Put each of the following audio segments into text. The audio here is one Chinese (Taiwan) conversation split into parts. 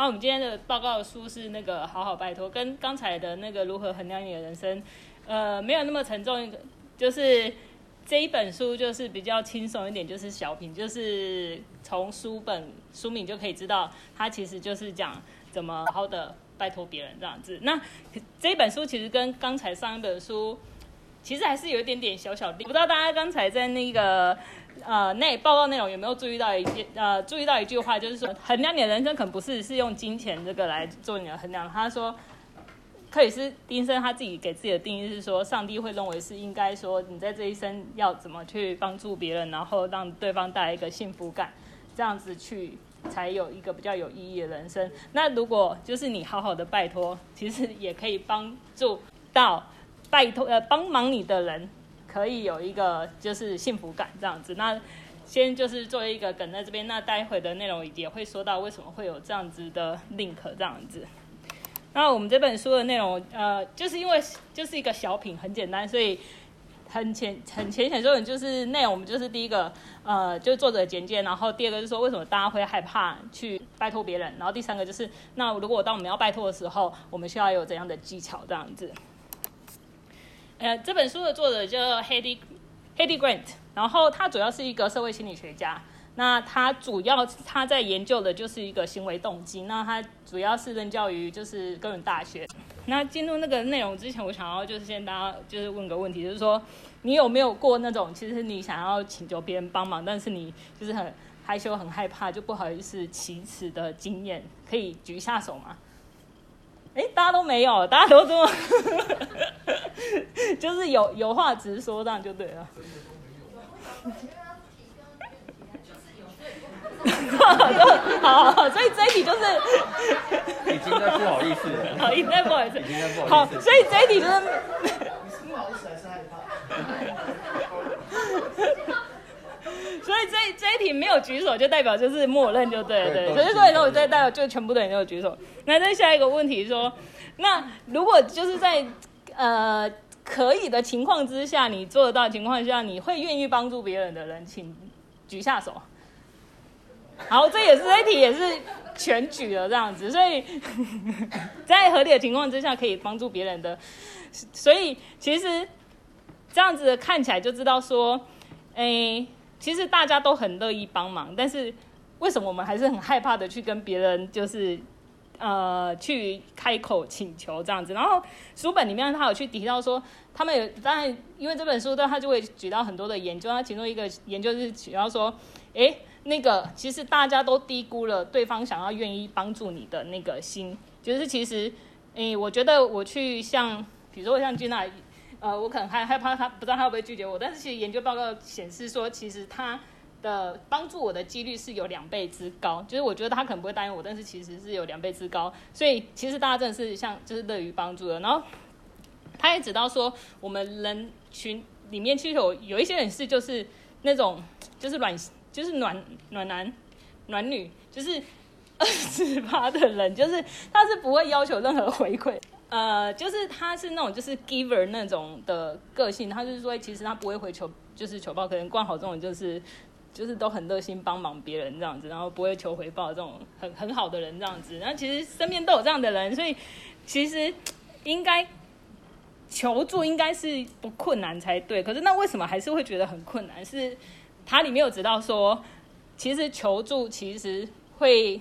好，我們今天的報告的書是那個好好拜託，跟剛才的那個如何衡量你的人生，呃，沒有那麼沉重一個，就是這一本書就是比較輕鬆一點，就是小品，就是從書本書名就可以知道，它其實就是講怎麼好好的拜託別人這樣子。那這一本書其實跟剛才上一本書，其實還是有一點點小小的，不知道大家剛才在那個。呃，那報告內容有沒有注意到一件呃，注意到一句話，就是說衡量你的人生可能不是是用金錢這個來做你的衡量。他說，克里斯丁森他自己給自己的定義是說，上帝會認為是應該說你在這一生要怎麼去幫助別人，然後讓對方帶來一個幸福感，這樣子去才有一個比較有意義的人生。那如果就是你好好的拜託，其實也可以幫助到拜託呃幫忙你的人。可以有一個就是幸福感這樣子，那先就是作為一個梗在這邊，那待會的內容也會說到為什麼會有這樣子的 link 這樣子。那我們這本書的內容，呃，就是因為就是一個小品很簡單，所以很淺很淺顯。所以就是內容，我們就是第一個，呃，就是作者簡介，然後第二個就是說為什麼大家會害怕去拜托別人，然後第三個就是那如果當我們要拜托的時候，我們需要有怎樣的技巧這樣子。呃，這本書的作者叫 Heidi Heidi Grant，然後他主要是一個社會心理學家。那他主要他在研究的就是一個行為動機。那他主要是任教於就是哥倫比亞大學。那進入那個內容之前，我想要就是先大家就是問個問題，就是說你有沒有過那種其實你想要請求別人幫忙，但是你就是很害羞、很害怕，就不好意思啟齒的經驗？可以舉一下手嗎？哎，大家都沒有，大家都這麼，呵呵，就是有有話直說，這樣就對了。 好，所以這一題就是。已經在不好意思了。好 已經在不好意思，好，所以這一題就是。你是不好意思還是害怕？ 所以這這一題沒有舉手，就代表就是默認就對了對，對，是所以說你沒有舉，就全部的人都舉手。對那再下一個問題說，那如果就是在呃可以的情況之下，你做得到的情況下，你會願意幫助別人的人，請舉下手。好，這也是 這一題也是全舉的這樣子，所以 在合理的情況之下可以幫助別人的，所以其實這樣子看起來就知道說，哎。其實大家都很樂意幫忙，但是為什麼我們還是很害怕的去跟別人就是，呃，去開口請求這樣子？然後書本裡面他有去提到說，他們有當然因為這本書他就會舉到很多的研究，他其中一個研究是提到說，哎，那個其實大家都低估了對方想要願意幫助你的那個心，就是其實，哎，我覺得我去像比如說我像君娜。呃，我可能害害怕他，不知道他會不會拒絕我。但是，其實研究報告顯示說，其實他的幫助我的幾率是有兩倍之高。就是我覺得他可能不會答應我，但是其實是有兩倍之高。所以，其實大家真的是像就是樂於幫助的。然後，他也知道說，我們人群裡面其實有有一些人是就是那種、就是軟，就是暖，就是暖暖男暖女，就是二十八的人，就是他是不會要求任何回饋。呃，就是他是那種就是 giver 那種的個性，他就是說，其實他不會回求，就是求報，可能關好這種，就是就是都很熱心幫忙別人這樣子，然後不會求回報這種很很好的人這樣子。那其實身邊都有這樣的人，所以其實應該求助應該是不困難才對。可是那為什麼還是會覺得很困難？是他裡面有知道說，其實求助其實會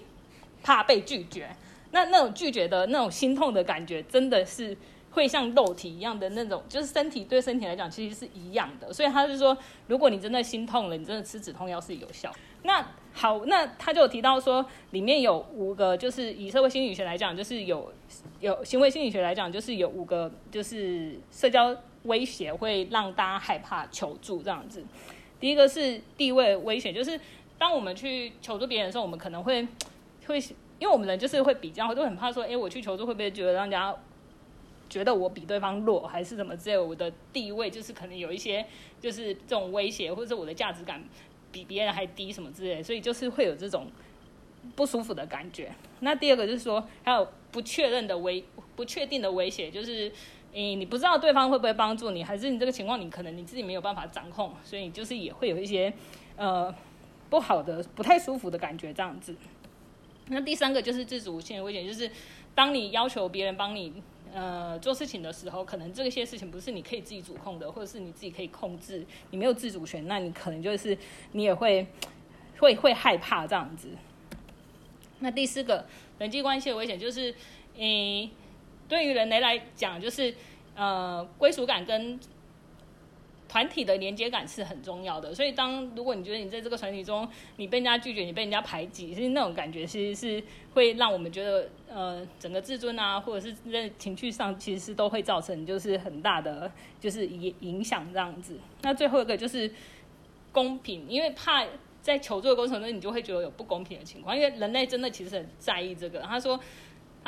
怕被拒絕。那那種拒絕的那種心痛的感覺，真的是會像肉體一樣的那種，就是身體對身體來講其實是一樣的。所以他就說，如果你真的心痛了，你真的吃止痛藥是有效。那好，那他就有提到說，裡面有五個，就是以社會心理學來講，就是有有行為心理學來講，就是有五個，就是社交威脅會讓大家害怕求助這樣子。第一個是地位威脅，就是當我們去求助別人的時候，我們可能會會。因為我們人就是會比較，都很怕說，誒，我去求助會不會覺得讓人家覺得我比對方弱，還是什麼之類？我的地位就是可能有一些，就是這種威脅，或者是我的價值感比別人還低什麼之類，所以就是會有這種不舒服的感覺。那第二個就是說，還有不確認的威，不確定的威脅，就是，誒、嗯，你不知道對方會不會幫助你，還是你這個情況，你可能你自己沒有辦法掌控，所以就是也會有一些呃不好的、不太舒服的感覺這樣子。那第三個就是自主性的危險，就是當你要求別人幫你呃做事情的時候，可能這些事情不是你可以自己主控的，或者是你自己可以控制，你沒有自主權，那你可能就是你也會會會害怕這樣子。那第四個人際關係的危險就是，誒、呃，對於人類來講，就是呃歸屬感跟。團體的連接感是很重要的，所以當如果你覺得你在這個團體中，你被人家拒絕，你被人家排擠，是那種感覺，其實是會讓我們覺得，呃，整個自尊啊，或者是在情緒上，其實是都會造成就是很大的就是影影響這樣子。那最後一個就是公平，因為怕在求助的過程中，你就會覺得有不公平的情況，因為人類真的其實很在意這個。他說。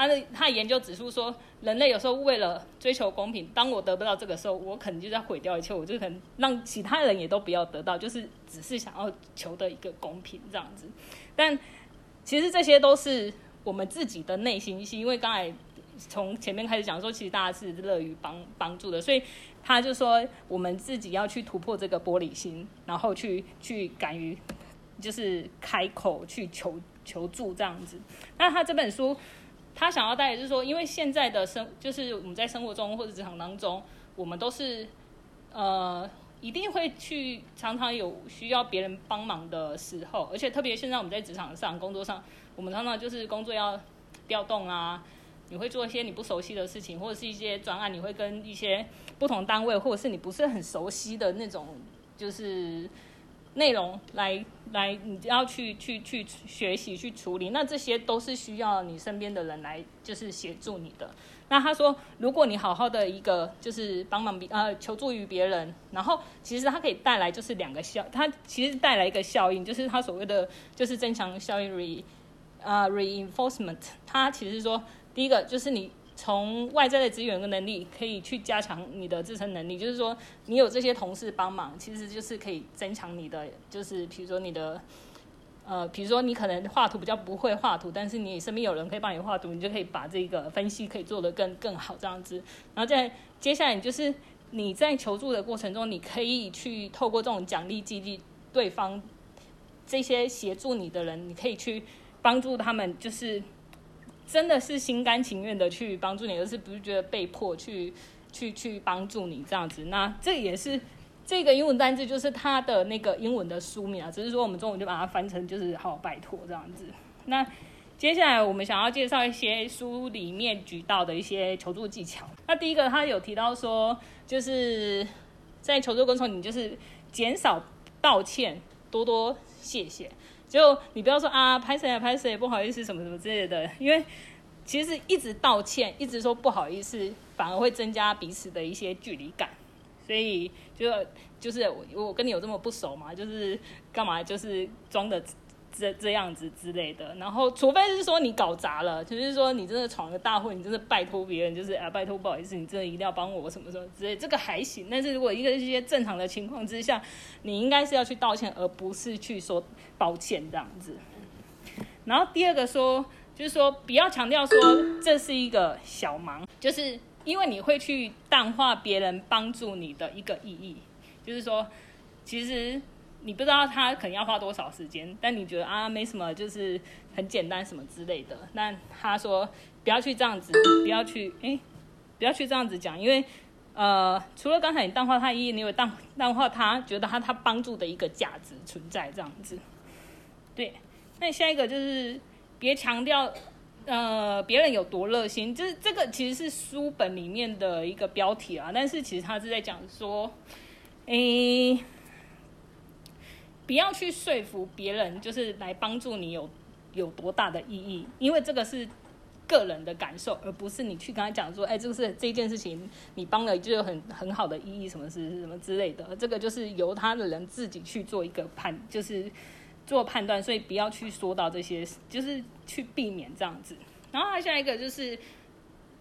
他的他的研究指出說，人類有時候為了追求公平，當我得不到這個時候，我可能就在毀掉一切，我就可能讓其他人也都不要得到，就是只是想要求得一個公平這樣子。但其實這些都是我們自己的內心戲，因為剛才從前面開始講說，其實大家是樂於幫幫助的，所以他就說我們自己要去突破這個玻璃心，然後去去敢於就是開口去求求助這樣子。那他這本書。他想要帶，就是說，因為現在的生，就是我們在生活中或者職場當中，我們都是，呃，一定會去常常有需要別人幫忙的時候，而且特別現在我們在職場上、工作上，我們常常就是工作要調動啊，你會做一些你不熟悉的事情，或者是一些專案，你會跟一些不同單位，或者是你不是很熟悉的那種，就是。內容來來，你就要去去去學習去處理，那這些都是需要你身邊的人來就是協助你的。那他說，如果你好好的一個就是幫忙別呃求助於別人，然後其實他可以帶來就是兩個效，他其實帶來一個效應，就是他所謂的就是增強效應 re 呃、啊、reinforcement。他其實說第一個就是你。從外在的資源跟能力，可以去加強你的自身能力。就是說，你有這些同事幫忙，其實就是可以增強你的，就是比如說你的，呃，比如說你可能畫圖比較不會畫圖，但是你身邊有人可以幫你畫圖，你就可以把這個分析可以做得更更好這樣子。然後再接下來，就是你在求助的過程中，你可以去透過這種獎勵激勵對方這些協助你的人，你可以去幫助他們，就是。真的是心甘情願的去幫助你，而是不是覺得被迫去去去幫助你這樣子？那這也是這個英文單字，就是它的那個英文的書名啊，只是說我們中文就把它翻成就是好好拜託這樣子。那接下來我們想要介紹一些書裡面舉到的一些求助技巧。那第一個他有提到說，就是在求助過程中，你就是減少道歉，多多謝謝。就你不要說啊，拍謝啊，拍謝，不好意思什麼什麼之類的，因為其實一直道歉，一直說不好意思，反而會增加彼此的一些距離感。所以就就是我我跟你有這麼不熟嗎？就是幹嘛就是裝的。這這樣子之類的，然後除非是說你搞砸了，就是說你真的闖了大禍，你真的拜托別人，就是啊，拜托，不好意思，你真的一定要幫我什麼什麼之類，這個還行。但是如果一個一些正常的情況之下，你應該是要去道歉，而不是去說抱歉這樣子。然後第二個說，就是說不要強調說這是一個小忙，就是因為你會去淡化別人幫助你的一個意義，就是說其實。你不知道他可能要花多少時間，但你覺得啊，沒什麼，就是很簡單什麼之類的。那他說不要去這樣子，不要去誒、欸，不要去這樣子講，因為呃，除了剛才你淡化他意義，你有淡淡化他覺得他他幫助的一個價值存在這樣子。對，那下一個就是別強調呃別人有多熱心，就是這個其實是書本裡面的一個標題啊，但是其實他是在講說誒。欸不要去說服別人，就是來幫助你有有多大的意義，因為這個是個人的感受，而不是你去跟他講說，哎，這個是這件事情你幫了就有很很好的意義，什麼是什麼之類的，這個就是由他的人自己去做一個判，就是做判斷，所以不要去說到這些，就是去避免這樣子。然後還有下一個就是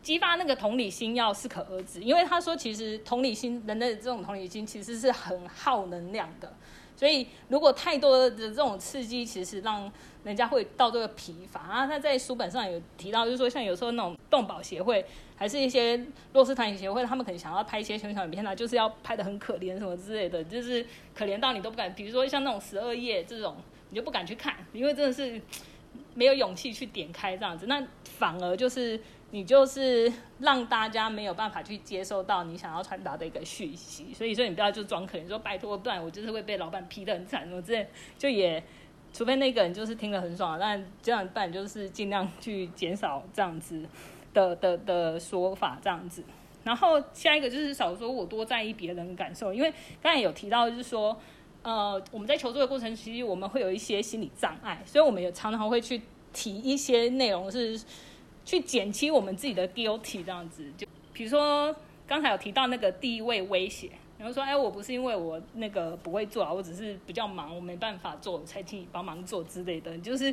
激發那個同理心要適可而止，因為他說其實同理心，人類的這種同理心其實是很耗能量的。所以，如果太多的這種刺激，其實讓人家會到這個疲乏啊。他在書本上有提到，就是說，像有時候那種動保協會，還是一些弱勢團體協會，他們可能想要拍一些宣傳片吶、啊，就是要拍得很可憐什麼之類的，就是可憐到你都不敢，比如說像那種十二夜這種，你就不敢去看，因為真的是沒有勇氣去點開這樣子，那反而就是，你就是讓大家沒有辦法去接受到你想要傳達的一個訊息，所以說你不要就裝可憐，說拜託，不然我就是會被老闆批得很慘。什麼之類，就也，除非那個人就是聽了很爽，但這樣辦就是盡量去減少這樣子的的的、的說法，這樣子。然後下一個就是少說我多在意別人的感受，因為剛才有提到就是說，呃，我們在求助的過程，其實我們會有一些心理障礙，所以我們也常常會去提一些內容是。去減輕我們自己的 guilt，這樣子就，比如說剛才有提到那個地位威脅，然後說哎、欸，我不是因為我那個不會做啊，我只是比較忙，我沒辦法做，才請你幫忙做之類的，就是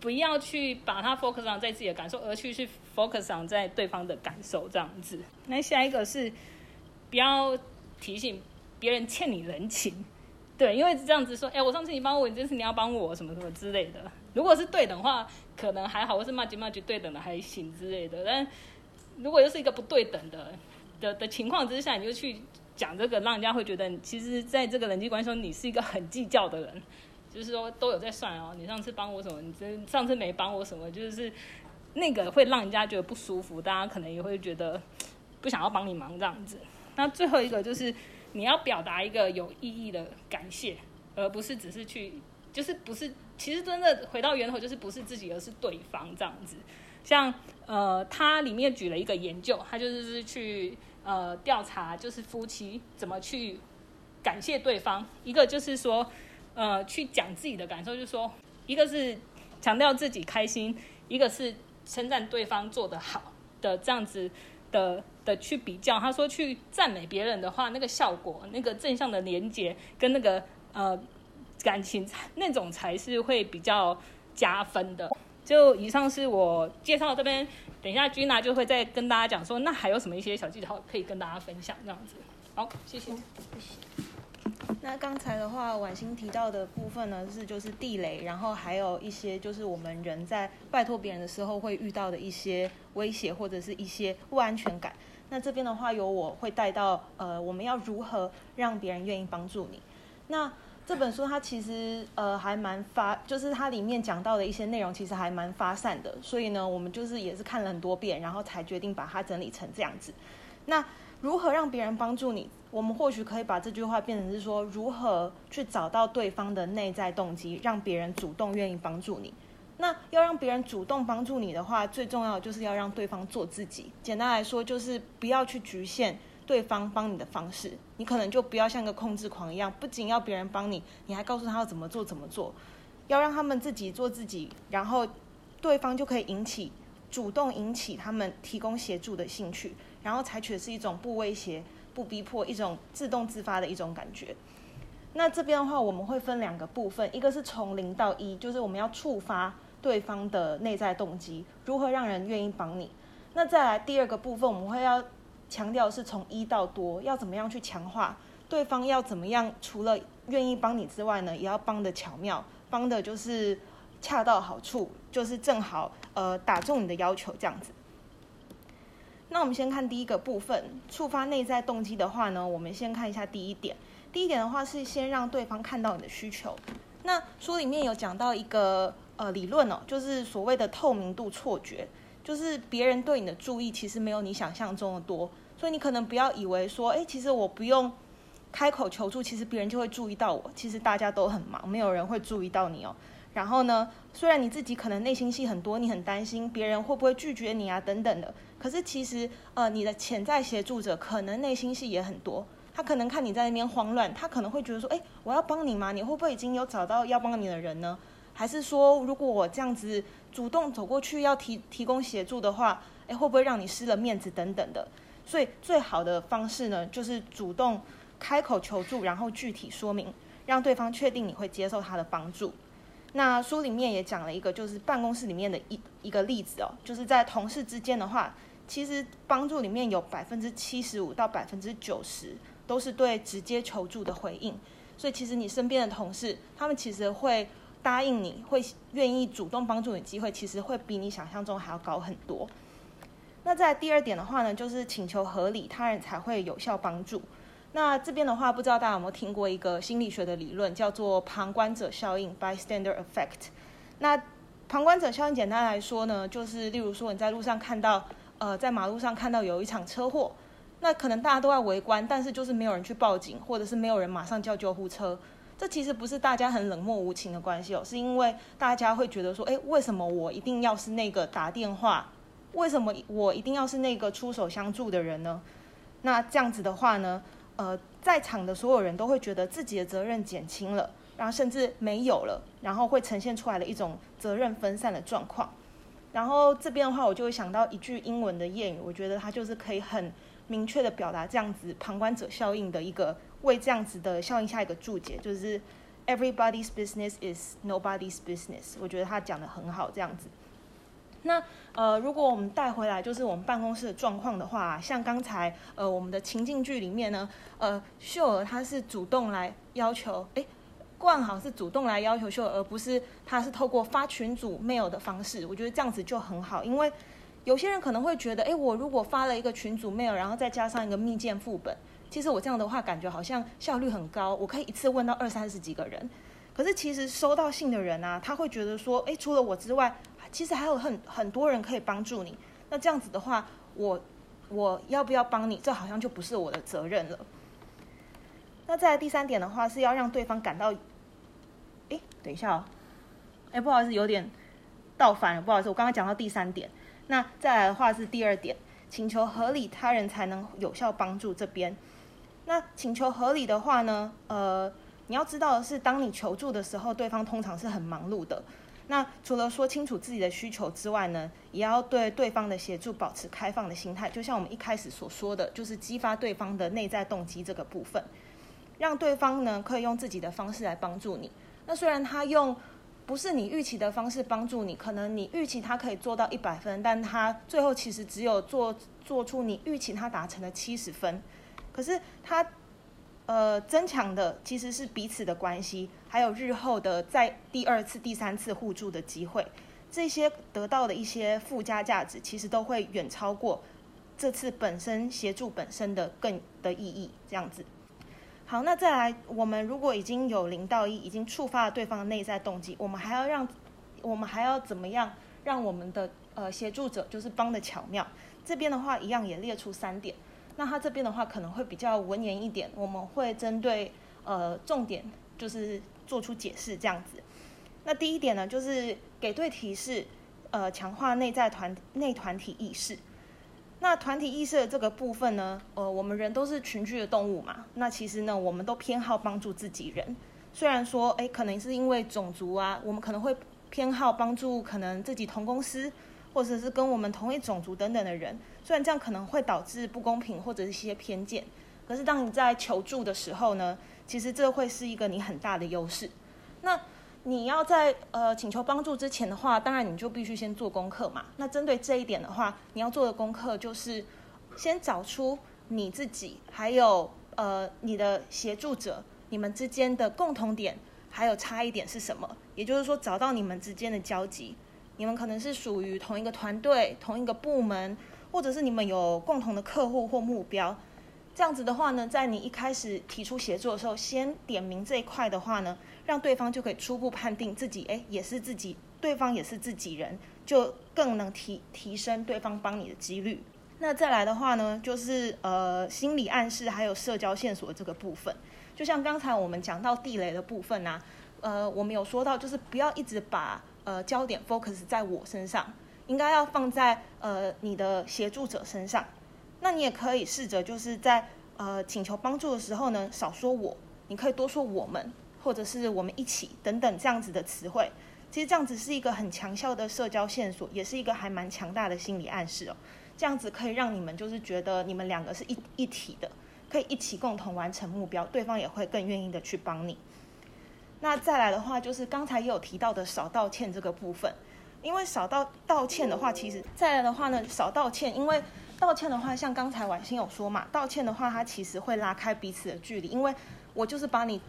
不要去把它 focus on 在自己的感受，而去去 focus on 在對方的感受這樣子。那下一個是不要提醒別人欠你人情。對，因為這樣子說，哎，我上次你幫我，你這次你要幫我，什麼什麼之類的。如果是對等的話，可能還好，我是 match match 對等的還行之類的。但如果又是一個不對等的的的情況之下，你就去講這個，讓人家會覺得你，其實在這個人際關係中，你是一個很計較的人，就是說都有在算哦。你上次幫我什麼，你上次沒幫我什麼，就是那個會讓人家覺得不舒服，大家可能也會覺得不想要幫你忙這樣子。那最後一個就是。你要表達一個有意義的感謝，而不是只是去，就是不是，其實真的回到源頭就是不是自己，而是對方這樣子。像呃，他裡面舉了一個研究，他就是去呃調查，就是夫妻怎麼去感謝對方。一個就是說呃去講自己的感受就是說，就說一個是強調自己開心，一個是稱讚對方做得好的這樣子。的的去比較，他說去讚美別人的話，那個效果，那個正向的連接跟那個呃感情那種才是會比較加分的。就以上是我介紹這邊，等一下吉娜就會再跟大家講說，那還有什麼一些小技巧可以跟大家分享這樣子。好，謝謝，嗯、謝謝。那剛才的話，婉心提到的部分呢，是就是地雷，然後還有一些就是我們人在拜托別人的時候會遇到的一些威脅或者是一些不安全感。那這邊的話，有我會帶到，呃，我們要如何讓別人願意幫助你？那這本書它其實呃還蠻發，就是它裡面講到的一些內容其實還蠻發散的，所以呢，我們就是也是看了很多遍，然後才決定把它整理成這樣子。那如何讓別人幫助你？我們或許可以把這句話變成是說，如何去找到對方的內在動機，讓別人主動願意幫助你。那要讓別人主動幫助你的話，最重要就是要讓對方做自己。簡單來說，就是不要去局限對方幫你的方式。你可能就不要像個控制狂一樣，不僅要別人幫你，你還告訴他要怎麼做怎麼做。要讓他們自己做自己，然後對方就可以引起主動引起他們提供協助的興趣。然後採取的是一種不威脅、不逼迫，一種自動自發的一種感覺。那這邊的話，我們會分兩個部分，一個是從零到一，就是我們要觸發對方的內在動機，如何讓人願意幫你。那再來第二個部分，我們會要強調是從一到多，要怎麼樣去強化對方，要怎麼樣除了願意幫你之外呢，也要幫得巧妙，幫的就是恰到好處，就是正好呃打中你的要求這樣子。那我們先看第一個部分，觸發內在動機的話呢，我們先看一下第一點。第一點的話是先讓對方看到你的需求。那書裡面有講到一個呃理論哦，就是所謂的透明度錯覺，就是別人對你的注意其實沒有你想象中的多，所以你可能不要以為說，欸，其實我不用開口求助，其實別人就會注意到我。其實大家都很忙，沒有人會注意到你哦。然後呢，雖然你自己可能內心戲很多，你很擔心別人會不會拒絕你啊，等等的。可是其實，呃，你的潛在協助者可能內心戲也很多。他可能看你在那邊慌亂，他可能會覺得說：誒，我要幫你嗎？你會不會已經有找到要幫你的人呢？還是說，如果我這樣子主動走過去要提提供協助的話，誒，會不會讓你失了面子等等的？所以，最好的方式呢，就是主動開口求助，然後具體說明，讓對方確定你會接受他的幫助。那書裡面也講了一個，就是辦公室裡面的一一個例子哦，就是在同事之間的話，其實幫助裡面有百分之七十五到百分之九十都是對直接求助的回應，所以其實你身邊的同事，他們其實會答應你，會願意主動幫助你的，機會其實會比你想象中還要高很多。那在第二點的話呢，就是請求合理，他人才會有效幫助。那這邊的話，不知道大家有沒有聽過一個心理學的理論，叫做旁觀者效應 b y s t a n d a r d Effect）。那旁觀者效應簡單來說呢，就是例如說你在路上看到，呃，在馬路上看到有一場車禍，那可能大家都在圍觀，但是就是沒有人去報警，或者是沒有人馬上叫救護車。這其實不是大家很冷漠無情的關係哦，是因為大家會覺得說，哎、欸，為什麼我一定要是那個打電話？為什麼我一定要是那個出手相助的人呢？那這樣子的話呢？呃，在場的所有人都會覺得自己的責任減輕了，然後甚至沒有了，然後會呈現出來的一種責任分散的狀況。然後這邊的話，我就會想到一句英文的諺語，我覺得它就是可以很明確的表達這樣子旁觀者效應的一個，為這樣子的效應下一個注解，就是 “everybody's business is nobody's business”。我覺得他講的很好，這樣子。那呃，如果我們帶回來就是我們辦公室的狀況的話啊，像剛才呃，我們的情境劇裡面呢，呃，秀兒她是主動來要求，哎，冠好是主動來要求秀兒，而不是他是透過發群組 mail 的方式。我覺得這樣子就很好，因為有些人可能會覺得，哎，我如果發了一個群組 mail，然後再加上一個密件副本，其實我這樣的話感覺好像效率很高，我可以一次問到二三十幾個人。可是其實收到信的人啊，他會覺得說，哎，除了我之外。其實還有很很多人可以幫助你。那這樣子的話，我我要不要幫你？這好像就不是我的責任了。那再來第三點的話，是要讓對方感到，哎，等一下哦，誒，不好意思，有點倒反了，不好意思，我剛剛講到第三點。那再來的話是第二點，請求合理，他人才能有效幫助這邊。那請求合理的話呢，呃，你要知道的是，當你求助的時候，對方通常是很忙碌的。那除了說清楚自己的需求之外呢，也要對對方的協助保持開放的心態。就像我們一開始所說的，就是激發對方的內在動機這個部分，讓對方呢可以用自己的方式來幫助你。那雖然他用不是你預期的方式幫助你，可能你預期他可以做到一百分，但他最後其實只有做做出你預期他達成了七十分，可是他。呃，增強的其實是彼此的關係，還有日後的在第二次、第三次互助的機會，這些得到的一些附加價值，其實都會遠超過這次本身協助本身的更的意義。這樣子。好，那再來，我們如果已經有零到一，已經觸發了對方的內在動機，我們還要讓，我們還要怎麼樣讓我們的呃協助者就是幫的巧妙？這邊的話，一樣也列出三點。那他這邊的話可能會比較文言一點，我們會針對呃重點就是做出解釋這樣子。那第一點呢，就是給對提示，呃，強化內在團內團體意識。那團體意識的這個部分呢，呃，我們人都是群居的動物嘛，那其實呢，我們都偏好幫助自己人。雖然說，哎、欸，可能是因為種族啊，我們可能會偏好幫助可能自己同公司。或者是跟我們同一種族等等的人，雖然這樣可能會導致不公平或者是一些偏見，可是當你在求助的時候呢，其實這會是一個你很大的優勢。那你要在呃請求幫助之前的話，當然你就必須先做功課嘛。那針對這一點的話，你要做的功課就是先找出你自己還有呃你的協助者，你們之間的共同點還有差異點是什麼，也就是說找到你們之間的交集。你們可能是屬於同一個團隊、同一個部門，或者是你們有共同的客戶或目標。這樣子的話呢，在你一開始提出協作的時候，先點名這一塊的話呢，讓對方就可以初步判定自己，哎，也是自己，對方也是自己人，就更能提提升對方幫你的幾率。那再來的話呢，就是呃，心理暗示還有社交線索的這個部分，就像剛才我們講到地雷的部分啊，呃，我們有說到，就是不要一直把。呃，焦點 focus 在我身上，應該要放在呃你的協助者身上。那你也可以試着就是在呃請求幫助的時候呢，少說我，你可以多說我們或者是我們一起等等這樣子的詞彙。其實這樣子是一個很強效的社交線索，也是一個還蠻強大的心理暗示哦。這樣子可以讓你們就是覺得你們兩個是一一體的，可以一起共同完成目標，對方也會更願意的去幫你。那再來的話，就是剛才也有提到的少道歉這個部分，因為少道道歉的話，其實再來的話呢，少道歉，因為道歉的話，像剛才婉欣有說嘛，道歉的話，它其實會拉開彼此的距離，因為我就是把你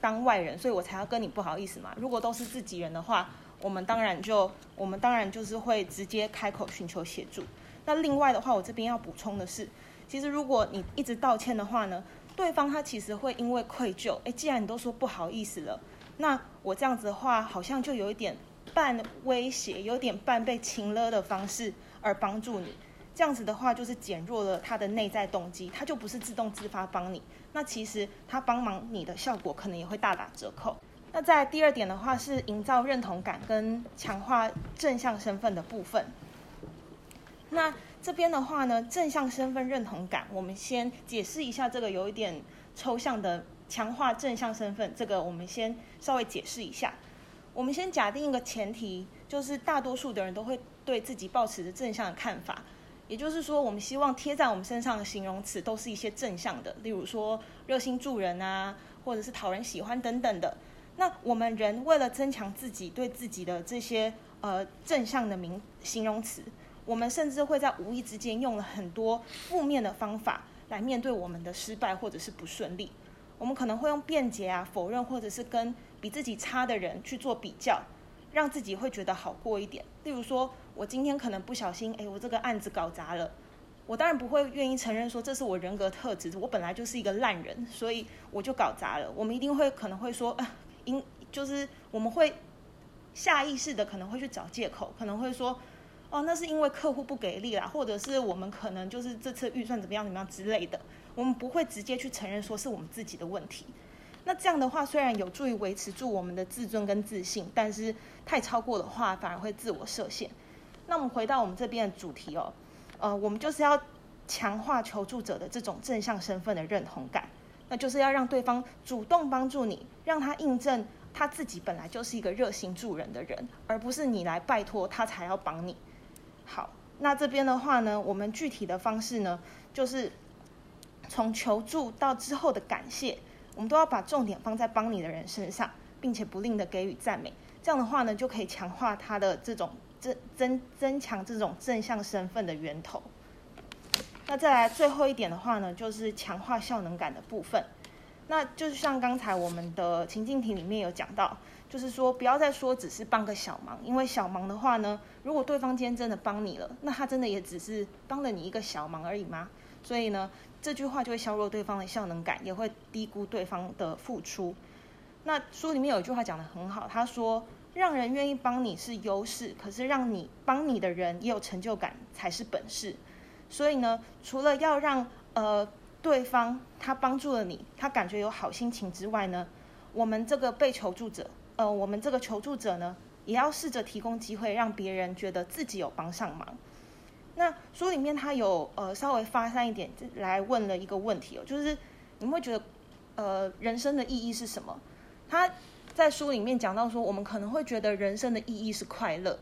當外人，所以我才要跟你不好意思嘛。如果都是自己人的話，我們當然就我們當然就是會直接開口尋求協助。那另外的話，我這邊要補充的是，其實如果你一直道歉的話呢，對方他其實會因為愧疚，誒，既然你都說不好意思了。那我這樣子的話，好像就有一點半威脅，有一點半被情勒的方式而幫助你。這樣子的話，就是減弱了他的內在動機，他就不是自動自發幫你。那其實他幫忙你的效果可能也會大打折扣。那在第二點的話，是營造認同感跟強化正向身份的部分。那這邊的話呢，正向身份認同感，我們先解釋一下這個有一點抽象的。強化正向身份，這個我們先稍微解釋一下。我們先假定一個前提，就是大多數的人都會對自己抱持著正向的看法。也就是說，我們希望貼在我們身上的形容詞都是一些正向的，例如說熱心助人啊，或者是討人喜歡等等的。那我們人為了增強自己對自己的這些呃正向的名形容詞，我們甚至會在無意之間用了很多負面的方法來面對我們的失敗或者是不順利。我們可能會用辯解啊、否認，或者是跟比自己差的人去做比較，讓自己會覺得好過一點。例如說，我今天可能不小心，哎，我這個案子搞砸了。我當然不會願意承認說這是我人格特質，我本來就是一個爛人，所以我就搞砸了。我們一定會可能會說，因、呃、就是我們會下意識的可能會去找借口，可能會說，哦，那是因為客戶不給力啦，或者是我們可能就是這次預算怎麼樣怎麼樣之類的。我們不會直接去承認說是我們自己的問題。那這樣的話，雖然有助於維持住我們的自尊跟自信，但是太超過的話，反而會自我設限。那我們回到我們這邊的主題哦，呃，我們就是要強化求助者的這種正向身份的認同感，那就是要讓對方主動幫助你，讓他印證他自己本來就是一個熱心助人的人，而不是你來拜托他才要幫你。好，那這邊的話呢，我們具體的方式呢，就是。從求助到之後的感謝，我們都要把重點放在幫你的人身上，並且不吝的給予讚美。這樣的話呢，就可以強化他的這種增增增強這種正向身份的源頭。那再來最後一點的話呢，就是強化效能感的部分。那就是像剛才我們的情境題裡面有講到，就是說不要再說只是幫個小忙，因為小忙的話呢，如果對方今天真的幫你了，那他真的也只是幫了你一個小忙而已嗎？所以呢。這句話就會削弱對方的效能感，也會低估對方的付出。那書裡面有一句話講得很好，他說：“讓人願意幫你是優勢，可是讓你幫你的人也有成就感才是本事。”所以呢，除了要讓呃對方他幫助了你，他感覺有好心情之外呢，我們這個被求助者，呃，我們這個求助者呢，也要試着提供機會，讓別人覺得自己有幫上忙。那書裡面他有呃稍微發散一點，來問了一個問題哦，就是你們會覺得呃人生的意義是什麼？他在書裡面講到說，我們可能會覺得人生的意義是快樂，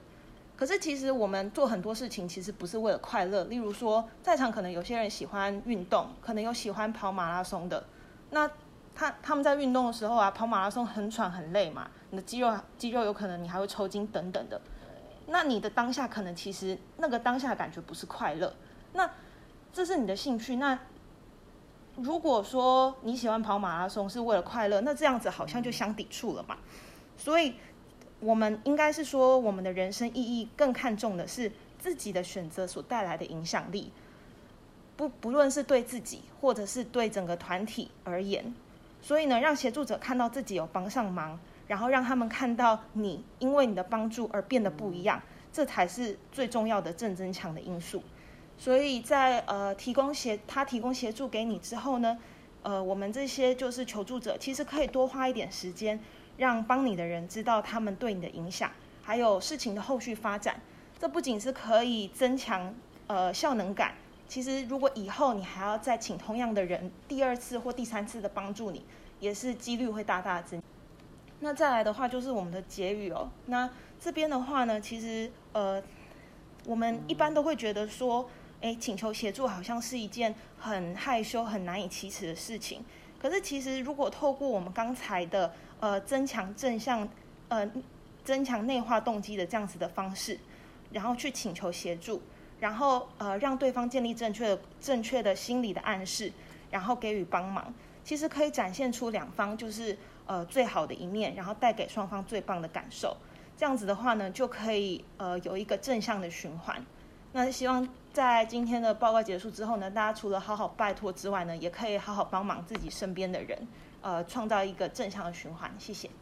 可是其實我們做很多事情其實不是為了快樂。例如說，在場可能有些人喜歡運動，可能有喜歡跑馬拉松的。那他他們在運動的時候啊，跑馬拉松很喘很累嘛，你的肌肉肌肉有可能你還會抽筋等等的。那你的當下可能其實那個當下感覺不是快樂，那這是你的興趣。那如果說你喜歡跑馬拉松是為了快樂，那這樣子好像就相抵觸了嘛。所以我們應該是說，我們的人生意義更看重的是自己的選擇所帶來的影響力，不不論是對自己或者是對整個團體而言。所以呢，讓協助者看到自己有幫上忙。然後讓他們看到你因為你的幫助而變得不一樣，這才是最重要的正增強的因素。所以在呃提供協他提供協助給你之後呢，呃我們這些就是求助者其實可以多花一點時間，讓幫你的人知道他們對你的影響，還有事情的後續發展。這不僅是可以增強呃效能感，其實如果以後你還要再請同樣的人第二次或第三次的幫助你，也是幾率會大大的增。那再來的話就是我們的結語哦。那這邊的話呢，其實呃，我們一般都會覺得說，哎，請求協助好像是一件很害羞、很難以啟齒的事情。可是其實，如果透過我們剛才的呃增強正向、呃增強內化動機的這樣子的方式，然後去請求協助，然後呃讓對方建立正確的、正確的心理的暗示，然後給予幫忙。其實可以展現出兩方就是呃最好的一面，然後帶給雙方最棒的感受。這樣子的話呢，就可以呃有一個正向的循環。那希望在今天的報告結束之後呢，大家除了好好拜託之外呢，也可以好好幫忙自己身邊的人，呃，創造一個正向的循環。謝謝。